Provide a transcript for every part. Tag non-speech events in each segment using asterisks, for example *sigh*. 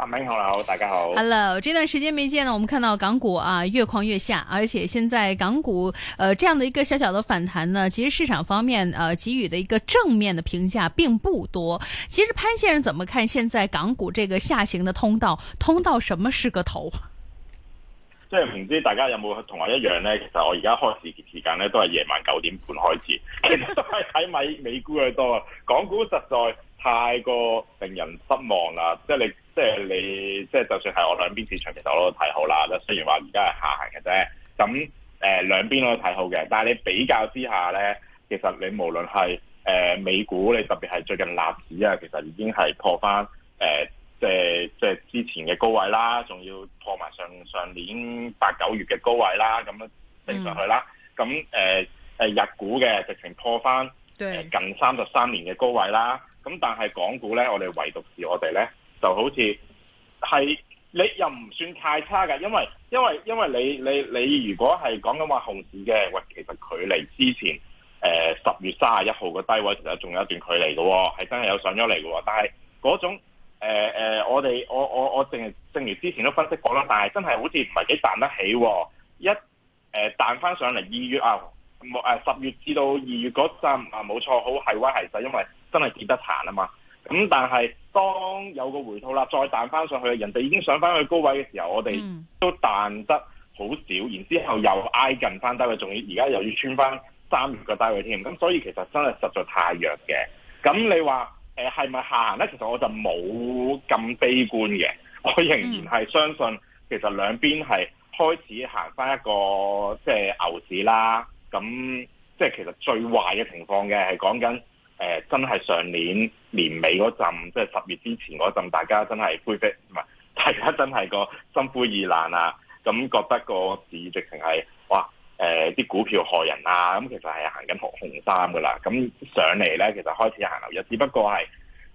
阿美，Hello，大家好。Hello，這段時間沒見，我們看到港股啊越況越下，而且現在港股，呃這樣的一個小小的反彈呢，其實市場方面，呃給予的一個正面的評價並不多。其實潘先生怎麼看現在港股這個下行的通道，通道什麼是個頭？即係唔知大家有冇同我一樣呢？其實我而家開始時間呢，都係夜晚九點半開始，其實都係睇美美股嘅多啊，港股實在太過令人失望啦！即係你，即係你，即係就算係我兩邊市場，其實我都睇好啦。即雖然話而家係下行嘅啫，咁誒、呃、兩邊我都睇好嘅。但係你比較之下咧，其實你無論係、呃、美股，你特別係最近納指啊，其實已經係破翻誒、呃，即係即之前嘅高位啦，仲要破埋上上年八九月嘅高位啦，咁樣升上去啦。咁、嗯呃、日股嘅直情破翻、呃、近三十三年嘅高位啦。咁但係港股咧，我哋唯獨是我哋咧，就好似係你又唔算太差噶，因為因為因為你你你如果係講緊話熊市嘅，喂，其實佢離之前誒、呃、十月三十一號嘅低位，其實仲有一段距離嘅、哦，係真係有上咗嚟嘅。但係嗰種誒誒、呃，我哋我我我，我，我淨係正如之前都分析過啦，但係真係好似唔係幾彈得起、哦，一誒彈翻上嚟二月啊，誒十月至到二月嗰陣啊，冇錯，好係威係勢，因為。真係跌得殘啦嘛！咁、嗯、但係當有個回吐啦，再彈翻上去，人哋已經上翻去高位嘅時候，我哋都彈得好少，然後之後又挨近翻低位，仲要而家又要穿翻三月嘅低位添。咁所以其實真係實在太弱嘅。咁你話誒係咪下行呢？其實我就冇咁悲觀嘅，我仍然係相信、嗯、其實兩邊係開始行翻一個即係牛市啦。咁即係其實最壞嘅情況嘅係講緊。誒真係上年年尾嗰陣，即係十月之前嗰陣，大家真係灰飛，唔係大家真係個心灰意冷啊！咁覺得個市直情係哇，啲、呃、股票害人啊！咁其實係行緊紅紅衫噶啦，咁上嚟咧，其實開始行牛一，只不過係誒、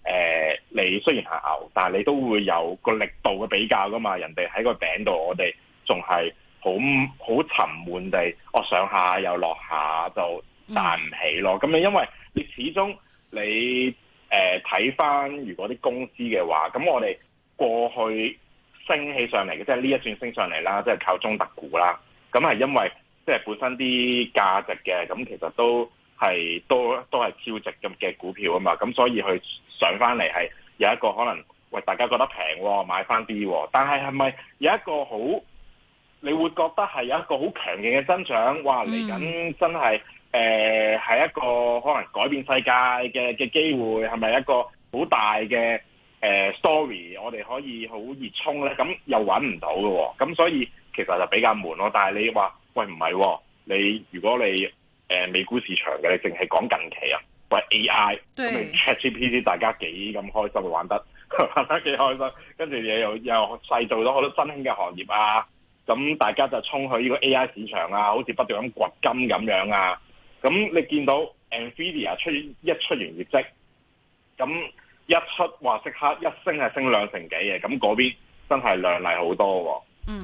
呃、你雖然行牛，但你都會有個力度嘅比較噶嘛。人哋喺個頂度，我哋仲係好好沉悶地，我、哦、上下又落下，下就彈唔起咯。咁、嗯、你因為你始終你誒睇翻，呃、如果啲公司嘅話，咁我哋過去升起上嚟嘅，即係呢一轉升上嚟啦，即係靠中特股啦。咁係因為即係本身啲價值嘅，咁其實都係都都係超值咁嘅股票啊嘛。咁所以佢上翻嚟係有一個可能，喂，大家覺得平喎，買翻啲喎。但係係咪有一個好？你會覺得係有一個好強勁嘅增長？哇！嚟緊真係～、嗯誒、呃、係一個可能改變世界嘅嘅機會，係咪一個好大嘅誒、呃、story？我哋可以好熱衷咧，咁又揾唔到嘅、哦，咁所以其實就比較悶咯。但係你話喂唔係、哦，你如果你、呃、美股市場嘅，你淨係講近期啊，喂 AI，咁 ChatGPT 大家幾咁開心玩得，玩得幾開心，跟住又又製造咗好多新興嘅行業啊，咁大家就衝去呢個 AI 市場啊，好似不斷咁掘金咁樣啊～咁你見到 Nvidia 出一出完業績，咁一出話即刻一升係升兩成幾嘅，咁嗰邊真係亮麗好多喎、哦。嗯。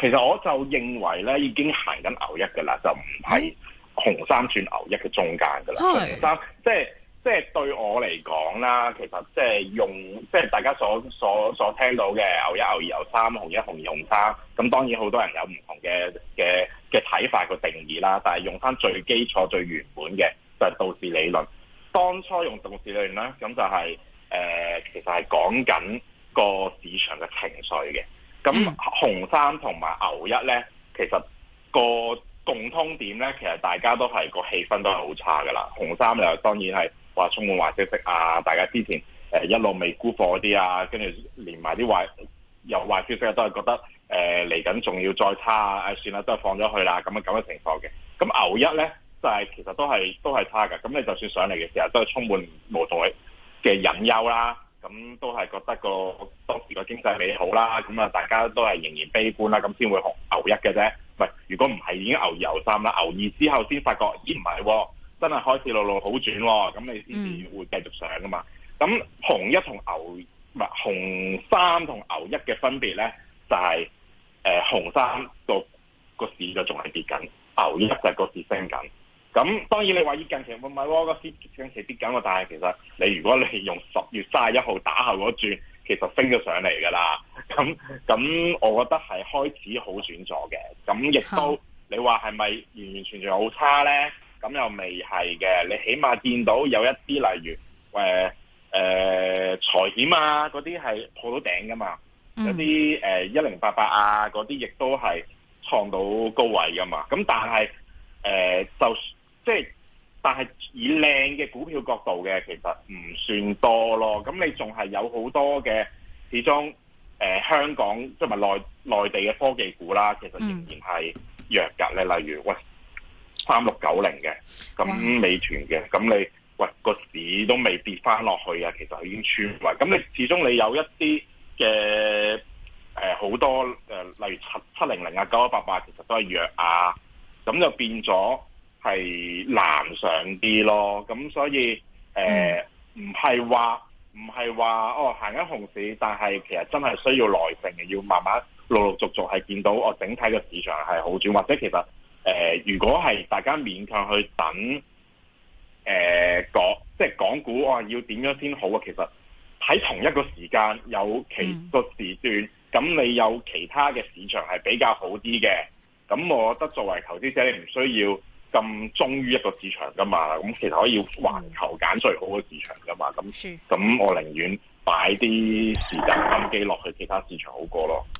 其實我就認為咧，已經行緊牛一嘅啦，就唔係紅三轉牛一嘅中間嘅啦。但即係即係對我嚟講啦，其實即係用即係、就是、大家所所所聽到嘅牛一、牛二、牛三、紅一、紅二、紅三。咁當然好多人有唔同嘅嘅嘅睇法個定義啦，但係用返最基礎最原本嘅就係、是、道氏理論。當初用道氏理論啦，咁就係、是、誒、呃，其實係講緊個市場嘅情緒嘅。咁紅三同埋牛一咧，其實個共通點咧，其實大家都係個氣氛都係好差噶啦。紅三又當然係話充滿壞消息啊，大家之前、呃、一路未沽貨嗰啲啊，跟住連埋啲壞有壞消息都係覺得誒嚟緊仲要再差啊，算啦，都係放咗去啦，咁嘅咁嘅情況嘅。咁牛一咧就係、係、其實都係都係差噶，咁你就算上嚟嘅時候都係充滿無台嘅隱憂啦。咁都係覺得個當時個經濟美好啦，咁啊大家都係仍然悲觀啦，咁先會紅牛一嘅啫。唔係，如果唔係已經牛二牛三啦，牛二之後先發覺咦唔係喎，真係開始陸路好轉喎，咁你先至會繼續上噶嘛。咁、嗯、紅一同牛唔係紅三同牛一嘅分別咧，就係、是、誒、呃、紅三個個市就仲係跌緊，牛一就係個市升緊。咁當然你話要近期會唔會個市近期跌緊喎？但係其實你如果你用十月卅一號打後嗰轉，其實升咗上嚟㗎啦。咁咁我覺得係開始好轉咗嘅。咁亦都你話係咪完完全全好差咧？咁又未係嘅。你起碼見到有一啲例如誒誒、呃、財險啊嗰啲係破到頂㗎嘛。嗯、有啲誒一零八八啊嗰啲亦都係創到高位㗎嘛。咁但係誒、呃、就。即係，但係以靚嘅股票角度嘅，其實唔算多咯。咁你仲係有好多嘅，始終、呃、香港即係內內地嘅科技股啦，其實仍然係弱㗎咧。嗯、你例如，喂三六九零嘅，咁美團嘅，咁你，你喂個市都未跌翻落去啊，其實已經穿位。咁你始終你有一啲嘅好多、呃、例如七七零零啊，九一八八，其實都係弱啊。咁就變咗。係難上啲咯，咁所以誒唔係話，唔係話哦行緊熊市，但係其實真係需要耐性嘅，要慢慢陸陸續續係見到哦整體個市場係好轉，或者其實誒、呃、如果係大家勉強去等誒港即係港股，我、哦、要點樣先好啊？其實喺同一個時間有幾個時段，咁、mm. 你有其他嘅市場係比較好啲嘅，咁我覺得作為投資者你唔需要。咁忠於一個市場噶嘛，咁其實可以環球揀最好嘅市場噶嘛，咁咁我寧願擺啲時間心機落去其他市場好過咯。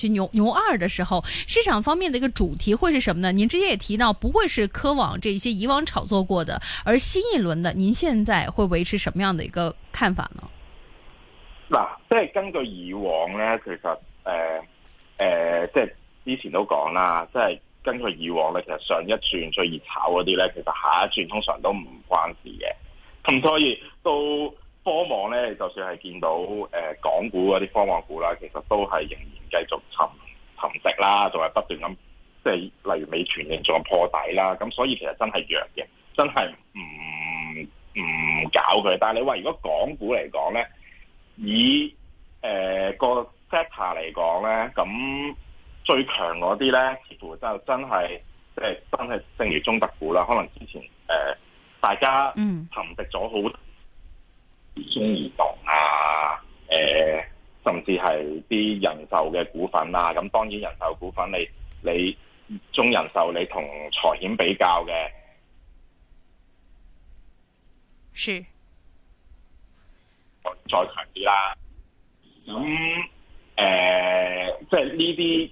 去牛牛二的時候，市場方面的一個主題會是什麼呢？您之前也提到不會是科網這些以往炒作過的，而新一輪的，您現在會維持什麼樣的一個看法呢？嗱，即係根據以往呢，其實誒誒、呃呃，即係之前都講啦，即係根據以往呢，其實上一轉最熱炒嗰啲呢，其實下一轉通常都唔關事嘅，咁、嗯、所以到。科網咧，就算係見到誒、呃、港股嗰啲科網股啦，其實都係仍然繼續沉沉積啦，仲係不斷咁，即係例如美團仍然仲破底啦，咁所以其實真係弱嘅，真係唔唔搞佢。但係你話如果港股嚟講咧，以誒、呃那個 sector 嚟講咧，咁最強嗰啲咧，似乎就真係即係真係正如中特股啦，可能之前誒、呃、大家沉積咗好。中移動啊，誒、呃，甚至係啲人壽嘅股份啊。咁當然人壽股份你，你你中人壽你同財險比較嘅，是再強啲啦。咁誒，即係呢啲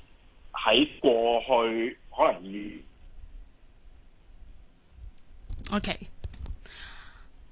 喺過去可能要，ok。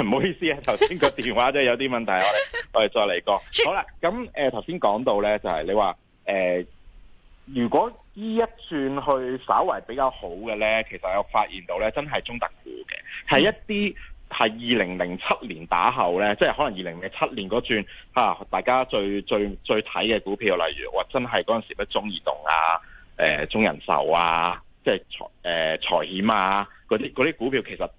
唔 *laughs* 好意思啊，頭先個電話真係有啲問題，我哋 *laughs* 我哋再嚟過。好啦，咁誒，頭先講到呢，就係、是、你話誒、呃，如果呢一轉去稍為比較好嘅呢，其實我發現到呢，真係中特股嘅，係一啲係二零零七年打後呢，即、就、係、是、可能二零零七年嗰轉吓，大家最最最睇嘅股票，例如話真係嗰陣時嘅中移動啊，誒、呃、中人壽啊，即係財誒財險啊，嗰啲嗰啲股票，其實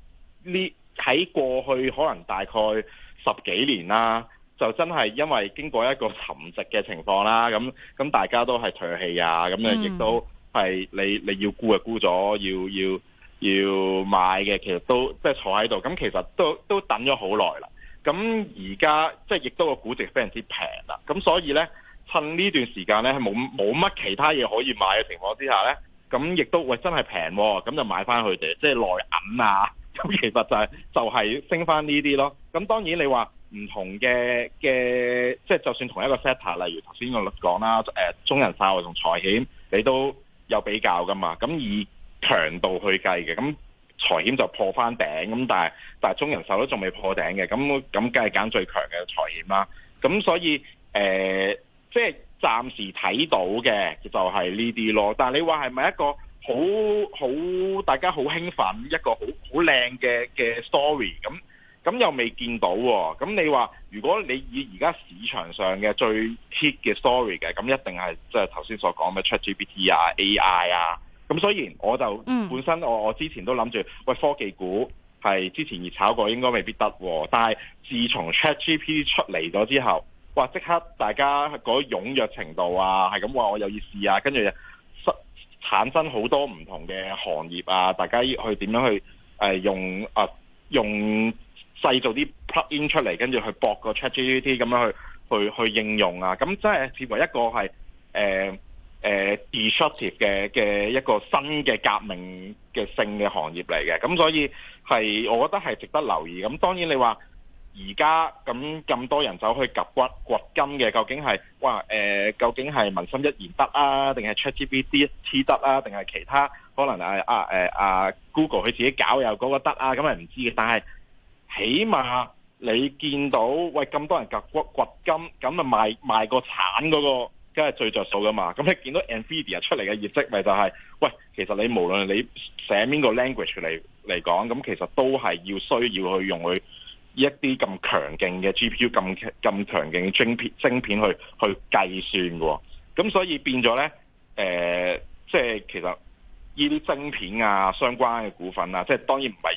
呢，喺過去可能大概十幾年啦，就真係因為經過一個沉寂嘅情況啦，咁咁大家都係喘氣啊，咁樣亦都係你你要沽啊沽咗，要要要買嘅，其實都即係、就是、坐喺度，咁其實都都等咗好耐啦。咁而家即係亦都個估值非常之平啦，咁所以呢，趁呢段時間呢係冇冇乜其他嘢可以買嘅情況之下呢，咁亦都喂真係平，咁就買翻佢哋，即、就、係、是、內銀啊！咁其實就係、係、就係、升翻呢啲咯。咁當然你話唔同嘅嘅，即、就係、就算同一個 sector，例如頭先我講啦，中人壽同財險，你都有比較噶嘛。咁以強度去計嘅，咁財險就破翻頂，咁但係但係中人壽都仲未破頂嘅。咁咁梗係揀最強嘅財險啦。咁所以誒，即、呃、係、就係、暫時睇到嘅就係呢啲咯。但你話係咪一個？好好，大家好興奮，一個好好靚嘅嘅 story，咁咁又未見到喎、哦。咁你話，如果你以而家市場上嘅最 hit 嘅 story 嘅，咁一定係即係頭先所講嘅 ChatGPT 啊、AI 啊。咁所以我就、嗯、本身我我之前都諗住，喂科技股係之前熱炒過，應該未必得喎。但係自從 ChatGPT 出嚟咗之後，哇！即刻大家嗰啲踴躍程度啊，係咁話我有意思啊，跟住。產生好多唔同嘅行業啊！大家要去點樣去、呃、用啊、呃、用製造啲 plug in 出嚟，跟住去博個 ChatGPT 咁樣去去去應用啊！咁即係視為一個係誒誒 disruptive 嘅嘅一個新嘅革命嘅性嘅行業嚟嘅，咁所以係我覺得係值得留意。咁當然你話。而家咁咁多人走去掘骨掘金嘅，究竟係哇誒、欸？究竟係文心一言得啊，定係 ChatGPT 黐得啊，定係其他可能係啊啊，啊，啊 Google 佢自己搞又嗰個得啊？咁係唔知嘅。但係起碼你見到喂，咁多人掘骨掘金，咁啊賣賣個產嗰、那個，梗係最着數噶嘛。咁你見到 NVIDIA 出嚟嘅業績、就是，咪就係喂，其實你無論你寫邊個 language 嚟嚟講，咁其實都係要需要去用佢。一啲咁強勁嘅 GPU 咁咁強勁嘅晶片晶片去去計算喎、哦。咁所以變咗呢，誒、呃，即係其實呢啲晶片啊，相關嘅股份啊，即係當然唔係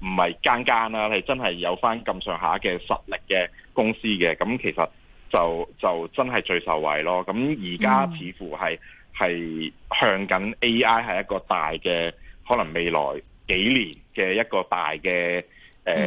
唔係間間啦、啊，係真係有翻咁上下嘅實力嘅公司嘅，咁其實就就真係最受惠咯。咁而家似乎係係、嗯、向緊 AI 係一個大嘅，可能未來幾年嘅一個大嘅。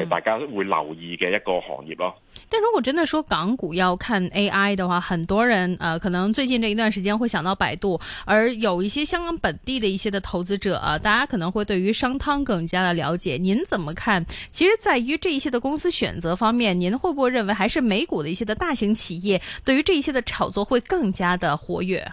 大家會留意嘅一個行業咯。但如果真的說港股要看 AI 嘅話，很多人、呃、可能最近這一段時間會想到百度，而有一些香港本地的一些的投資者、啊，大家可能會對於商湯更加的了解。您怎麼看？其實，在於這一些的公司選擇方面，您會不會認為還是美股的一些的大型企業對於這一些的炒作會更加的活躍？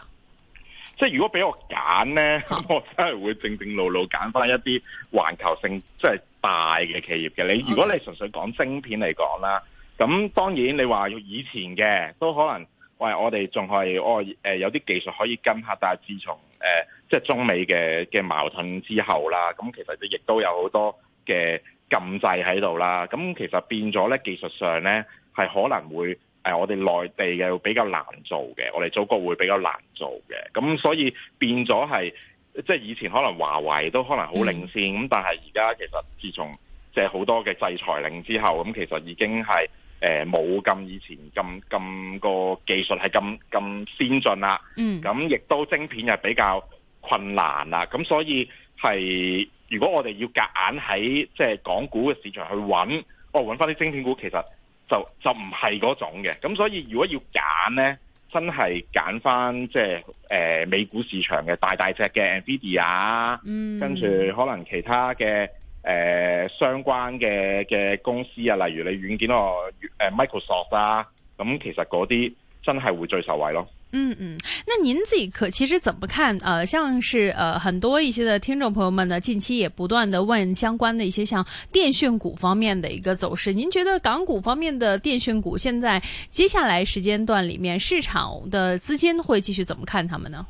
即如果俾我揀呢，我真係會正正路路揀翻一啲環球性即係。大嘅企業嘅，你如果你純粹講晶片嚟講啦，咁當然你話要以前嘅都可能，喂，我哋仲係我有啲技術可以跟下，但係自從誒、呃、即係中美嘅嘅矛盾之後啦，咁其實亦都有好多嘅禁制喺度啦，咁其實變咗咧技術上咧係可能會誒、呃、我哋內地嘅比較難做嘅，我哋祖國會比較難做嘅，咁所以變咗係。即係以前可能華為都可能好領先咁、嗯，但係而家其實自從即係好多嘅制裁令之後，咁其實已經係誒冇咁以前咁咁個技術係咁咁先進啦。嗯，咁亦都晶片係比較困難啦。咁所以係如果我哋要夾硬喺即係港股嘅市場去揾，哦揾翻啲晶片股，其實就就唔係嗰種嘅。咁所以如果要揀咧？真係揀翻即係誒、呃、美股市場嘅大大隻嘅 NVIDIA、嗯、跟住可能其他嘅誒、呃、相關嘅嘅公司啊，例如你軟件個 Microsoft 啊，咁、嗯、其實嗰啲真係會最受惠咯。嗯嗯，那您自己可其實怎麼看？呃，像是呃，很多一些的聽眾朋友們呢，近期也不斷的問相關的一些像電訊股方面的一個走勢。您覺得港股方面的電訊股現在接下來時間段裏面，市場的資金會繼續怎麼看他們呢？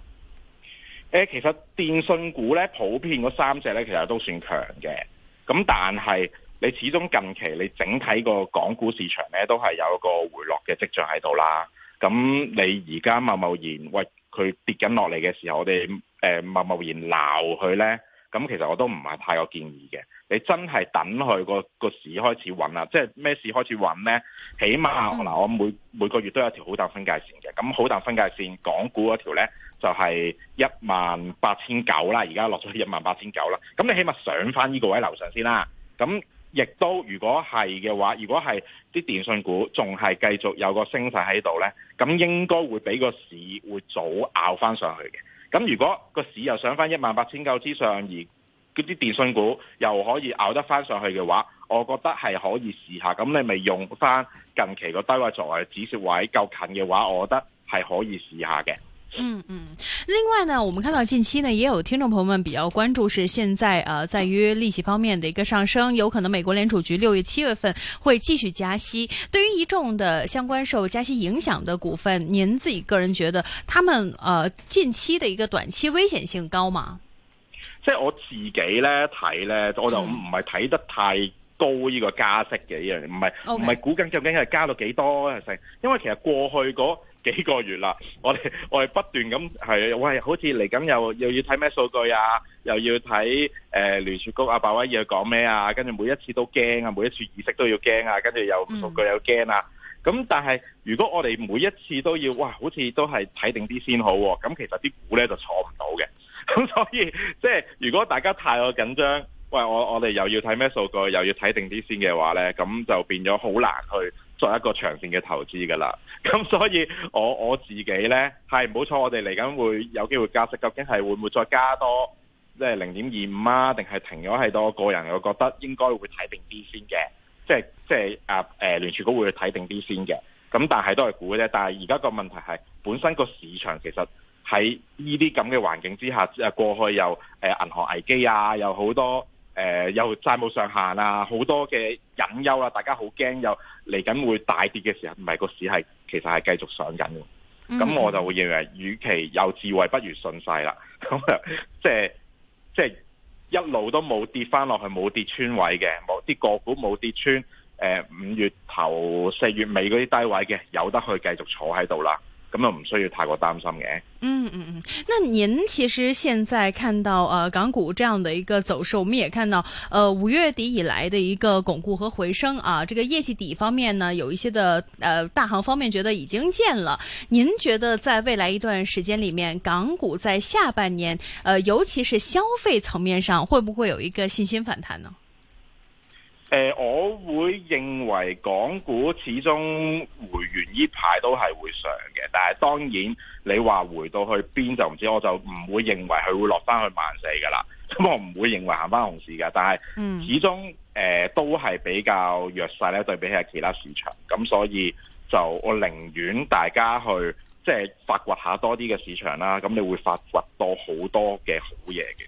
誒，其實電訊股呢，普遍嗰三隻呢，其實都算強嘅。咁但係你始終近期你整體個港股市場呢，都係有一個回落嘅跡象喺度啦。咁你而家貿貿然喂佢跌緊落嚟嘅時候，我哋誒貿貿然鬧佢咧，咁其實我都唔係太有建議嘅。你真係等佢個個市開始穩啦，即係咩市開始穩咧？起碼嗱，我每每個月都有一條好大分界線嘅。咁好大分界線，港股嗰條咧就係一萬八千九啦，而家落咗去一萬八千九啦。咁你起碼上翻呢個位樓上先啦。咁亦都如果係嘅話，如果係啲電信股仲係繼續有個升勢喺度咧，咁應該會俾個市會早拗翻上去嘅。咁如果個市又上翻一萬八千九之上，而嗰啲電信股又可以拗得翻上去嘅話，我覺得係可以試下。咁你咪用翻近期個低位作為止蝕位，夠近嘅話，我覺得係可以試下嘅。嗯嗯，另外呢，我們看到近期呢，也有聽眾朋友們比較關注是現在，呃、在於利息方面的一個上升，有可能美國聯儲局六月、七月份會繼續加息。對於一眾的相關受加息影響的股份，您自己個人覺得他們呃近期的一個短期危險性高嗎？即係我自己呢，睇呢我就唔係睇得太高呢個加息嘅呢樣，唔係唔係估緊究竟係加到幾多。Okay. 因為其實過去嗰幾個月啦，我哋我哋不斷咁係，好似嚟緊又又要睇咩數據啊，又要睇誒聯儲局阿鮑威爾要講咩啊，跟住每一次都驚啊，每一次意識都要驚啊，跟住又數據又驚啊，咁但係如果我哋每一次都要，哇，好似都係睇定啲先好喎，啊，咁其實啲股咧就坐唔到嘅，咁所以即係如果大家太過緊張。喂，我我哋又要睇咩數據，又要睇定啲先嘅話呢，咁就變咗好難去作一個長線嘅投資噶啦。咁所以我我自己呢，係冇錯，我哋嚟緊會有機會加息，究竟係會唔會再加多，即係零點二五啊，定係停咗係多？個人我覺得應該會睇定啲先嘅，即係即係啊誒聯儲局會睇定啲先嘅。咁但係都係估啫。但係而家個問題係，本身個市場其實喺呢啲咁嘅環境之下，誒過去有誒銀行危機啊，有好多。誒、呃、有債務上限啊，好多嘅隱憂啦，大家好驚有嚟緊會大跌嘅時候，唔係個市係其實係繼續上緊喎。咁我就會認為，與其有智慧，不如順勢啦。咁即係即係一路都冇跌翻落去，冇跌穿位嘅，冇啲個股冇跌穿誒、呃、五月頭四月尾嗰啲低位嘅，有得去繼續坐喺度啦。咁又唔需要太過擔心嘅。嗯嗯嗯，那您其實現在看到，呃港股這樣的一個走勢，我們也看到，呃五月底以來的一個鞏固和回升啊，這個業績底方面呢，有一些的，呃大行方面覺得已經見了。您覺得在未來一段時間裏面，港股在下半年，呃尤其是消費層面上，會不會有一個信心反彈呢？誒、呃，我會認為港股始終回完呢排都係會上嘅，但係當然你話回到去邊就唔知，我就唔會認為佢會落翻去萬四噶啦。咁、嗯、 *laughs* 我唔會認為行翻紅市噶，但係始終誒、呃、都係比較弱勢咧，對比起其他市場。咁所以就我寧願大家去即係、就是、發掘下多啲嘅市場啦。咁你會發掘到好多嘅好嘢嘅。